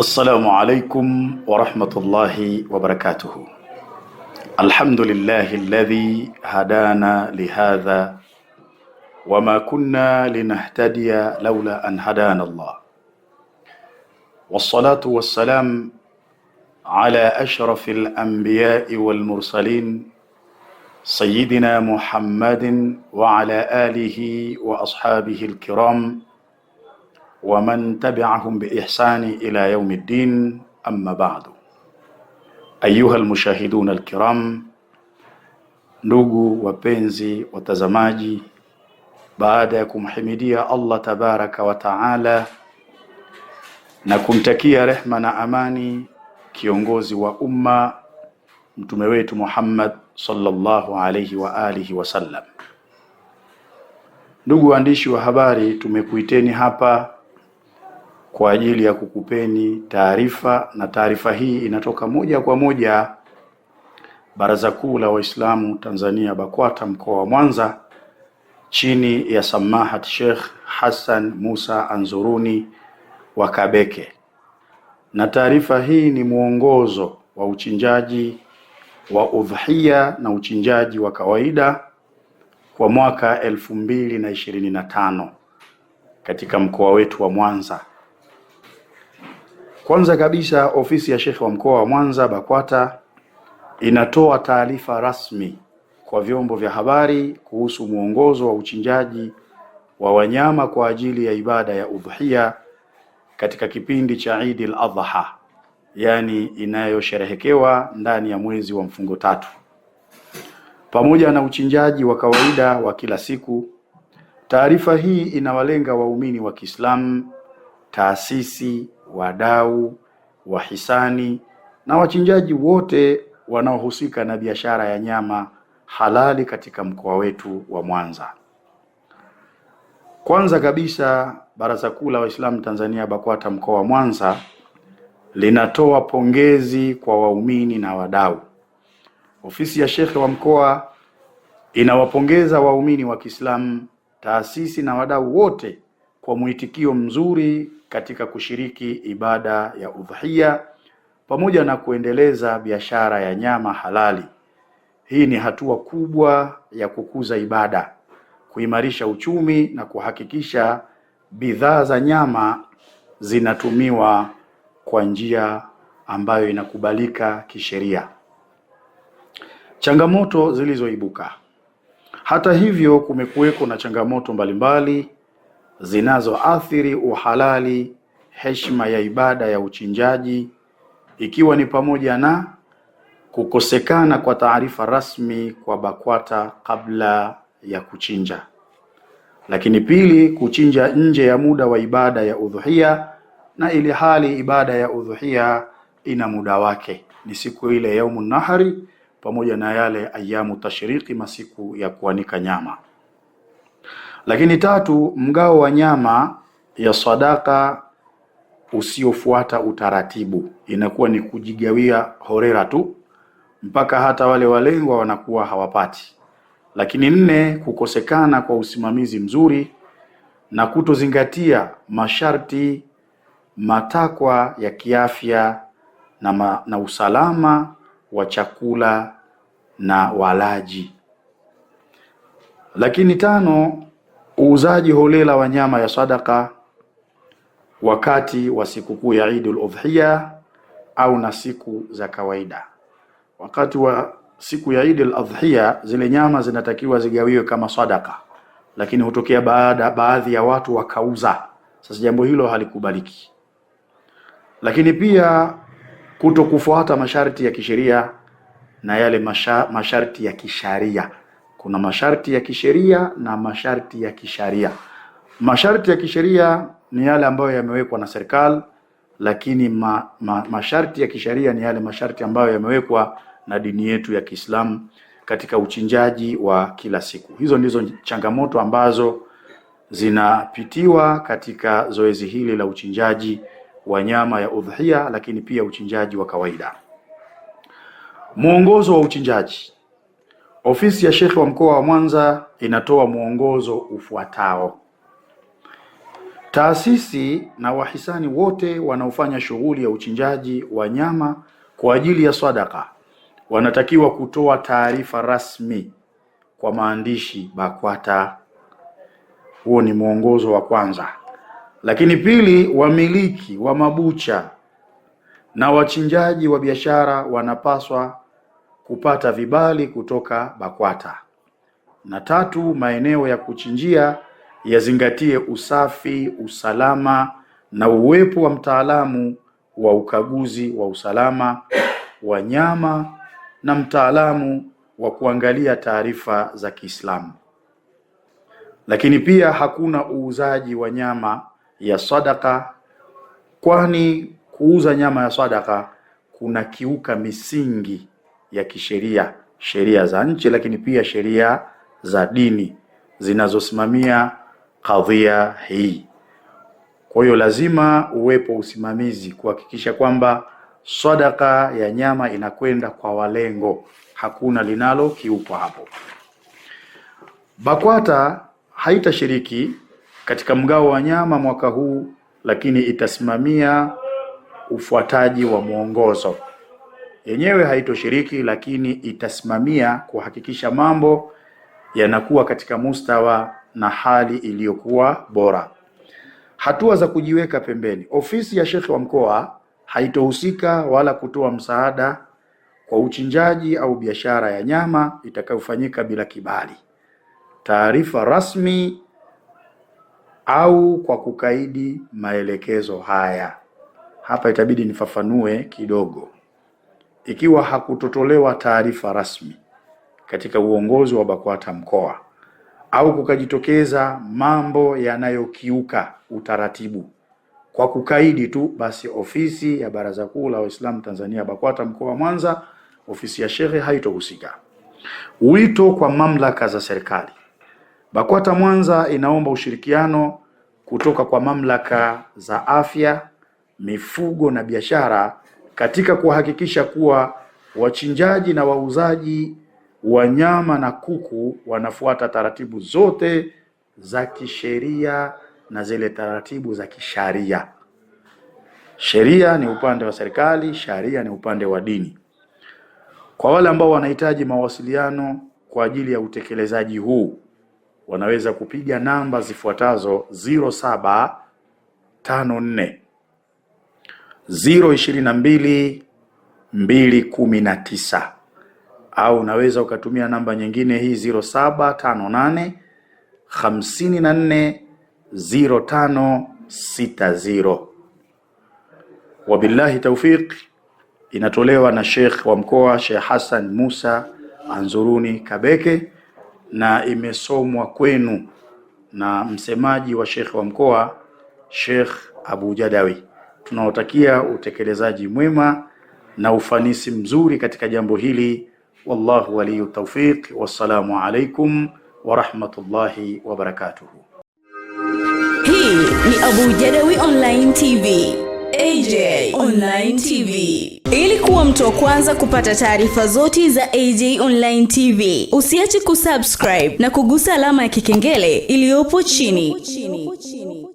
السلام عليكم ورحمة الله وبركاته الحمد لله الذي هدانا لهذا وما كنا لنهتدي لولا أن هدانا الله والصلاة والسلام على أشرف الأنبياء والمرسلين سيدنا محمد وعلى آله وأصحابه الكرام man tabiahum biihsani ila yaumi ddin, amma badu. Ayuha lmushahiduna alkiram, ndugu wapenzi watazamaji, baada ya kumhimidia Allah tabaraka wa taala na kumtakia rehma na amani kiongozi wa umma mtume wetu Muhammad sallallahu alayhi wa alihi wasallam. Ndugu waandishi wa habari, tumekuiteni hapa kwa ajili ya kukupeni taarifa, na taarifa hii inatoka moja kwa moja Baraza Kuu la Waislamu Tanzania BAKWATA mkoa wa Mwanza chini ya Samahat Sheikh Hassan Musa Anzuruni wa Kabeke, na taarifa hii ni mwongozo wa uchinjaji wa udhiya na uchinjaji wa kawaida kwa mwaka elfu mbili na ishirini na tano katika mkoa wetu wa Mwanza. Kwanza kabisa ofisi ya Shekhe wa mkoa wa Mwanza BAKWATA inatoa taarifa rasmi kwa vyombo vya habari kuhusu mwongozo wa uchinjaji wa wanyama kwa ajili ya ibada ya udhuhia katika kipindi cha Eid al-Adha, yaani inayosherehekewa ndani ya mwezi wa mfungo tatu, pamoja na uchinjaji wa kawaida wa kila siku. Taarifa hii inawalenga waumini wa Kiislamu, taasisi wadau, wahisani na wachinjaji wote wanaohusika na biashara ya nyama halali katika mkoa wetu wa Mwanza. Kwanza kabisa, Baraza Kuu la Waislamu Tanzania BAKWATA mkoa wa Mwanza linatoa pongezi kwa waumini na wadau. Ofisi ya Shekhe wa mkoa inawapongeza waumini wa Kiislamu, taasisi na wadau wote kwa mwitikio mzuri katika kushiriki ibada ya udhiya pamoja na kuendeleza biashara ya nyama halali. Hii ni hatua kubwa ya kukuza ibada, kuimarisha uchumi na kuhakikisha bidhaa za nyama zinatumiwa kwa njia ambayo inakubalika kisheria. Changamoto zilizoibuka. Hata hivyo, kumekuweko na changamoto mbalimbali zinazoathiri uhalali heshima ya ibada ya uchinjaji, ikiwa ni pamoja na kukosekana kwa taarifa rasmi kwa BAKWATA kabla ya kuchinja. Lakini pili, kuchinja nje ya muda wa ibada ya udhuhia, na ili hali ibada ya udhuhia ina muda wake, ni siku ile yaumu nahari pamoja na yale ayamu tashriki, masiku ya kuanika nyama. Lakini tatu, mgao wa nyama ya sadaka usiofuata utaratibu, inakuwa ni kujigawia horera tu mpaka hata wale walengwa wanakuwa hawapati. Lakini nne, kukosekana kwa usimamizi mzuri na kutozingatia masharti, matakwa ya kiafya na, ma, na usalama wa chakula na walaji. Lakini tano Uuzaji holela wa nyama ya sadaka wakati wa sikukuu ya Idul Udhiya au na siku za kawaida. Wakati wa siku ya Idul Adhiya, zile nyama zinatakiwa zigawiwe kama sadaka, lakini hutokea baada baadhi ya watu wakauza. Sasa jambo hilo halikubaliki. Lakini pia kuto kufuata masharti ya kisheria na yale masha, masharti ya kisharia kuna masharti ya kisheria na masharti ya kisharia. Masharti ya kisheria ni yale ambayo yamewekwa na serikali, lakini ma, ma, masharti ya kisharia ni yale masharti ambayo yamewekwa na dini yetu ya Kiislamu katika uchinjaji wa kila siku. Hizo ndizo changamoto ambazo zinapitiwa katika zoezi hili la uchinjaji wa nyama ya udhia, lakini pia uchinjaji wa kawaida. Mwongozo wa uchinjaji Ofisi ya Shekhe wa Mkoa wa Mwanza inatoa mwongozo ufuatao: taasisi na wahisani wote wanaofanya shughuli ya uchinjaji wa nyama kwa ajili ya sadaka wanatakiwa kutoa taarifa rasmi kwa maandishi BAKWATA. Huo ni mwongozo wa kwanza. Lakini pili, wamiliki wa mabucha na wachinjaji wa biashara wanapaswa kupata vibali kutoka BAKWATA. Na tatu, maeneo ya kuchinjia yazingatie usafi, usalama na uwepo wa mtaalamu wa ukaguzi wa usalama wa nyama na mtaalamu wa kuangalia taarifa za Kiislamu. Lakini pia hakuna uuzaji wa nyama ya sadaka, kwani kuuza nyama ya sadaka kuna kiuka misingi ya kisheria, sheria za nchi, lakini pia sheria za dini zinazosimamia kadhia hii. Kwa hiyo lazima uwepo usimamizi kuhakikisha kwamba sadaka ya nyama inakwenda kwa walengo, hakuna linalo kiupo hapo. BAKWATA haitashiriki katika mgao wa nyama mwaka huu, lakini itasimamia ufuataji wa mwongozo yenyewe haitoshiriki, lakini itasimamia kuhakikisha mambo yanakuwa katika mustawa na hali iliyokuwa bora. Hatua za kujiweka pembeni: ofisi ya shekhe wa mkoa haitohusika wala kutoa msaada kwa uchinjaji au biashara ya nyama itakayofanyika bila kibali, taarifa rasmi au kwa kukaidi maelekezo haya. Hapa itabidi nifafanue kidogo ikiwa hakutotolewa taarifa rasmi katika uongozi wa BAKWATA mkoa au kukajitokeza mambo yanayokiuka utaratibu kwa kukaidi tu, basi ofisi ya Baraza Kuu la Waislamu Tanzania BAKWATA mkoa wa Mwanza, ofisi ya shehe haitohusika. Wito kwa mamlaka za serikali. BAKWATA Mwanza inaomba ushirikiano kutoka kwa mamlaka za afya, mifugo na biashara katika kuhakikisha kuwa wachinjaji na wauzaji wa nyama na kuku wanafuata taratibu zote za kisheria na zile taratibu za kisharia. Sheria ni upande wa serikali, sharia ni upande wa dini. Kwa wale ambao wanahitaji mawasiliano kwa ajili ya utekelezaji huu wanaweza kupiga namba zifuatazo: 0754 022 au unaweza ukatumia namba nyingine hii 0758 54 Wabillahi taufiq, inatolewa na Sheikh wa mkoa Sheikh Hassan Musa Anzuruni Kabeke na imesomwa kwenu na msemaji wa Sheikh wa mkoa Sheikh Abu Jadawi tunawatakia utekelezaji mwema na ufanisi mzuri katika jambo hili. Wallahu waliyu tawfiq. Wassalamu alaikum warahmatullahi wabarakatuh. Hii ni Abu Jadawi Online TV. AJ Online TV. Ili kuwa mtu wa kwanza kupata taarifa zote za AJ Online TV, usiache kusubscribe na kugusa alama ya kikengele iliyopo chini.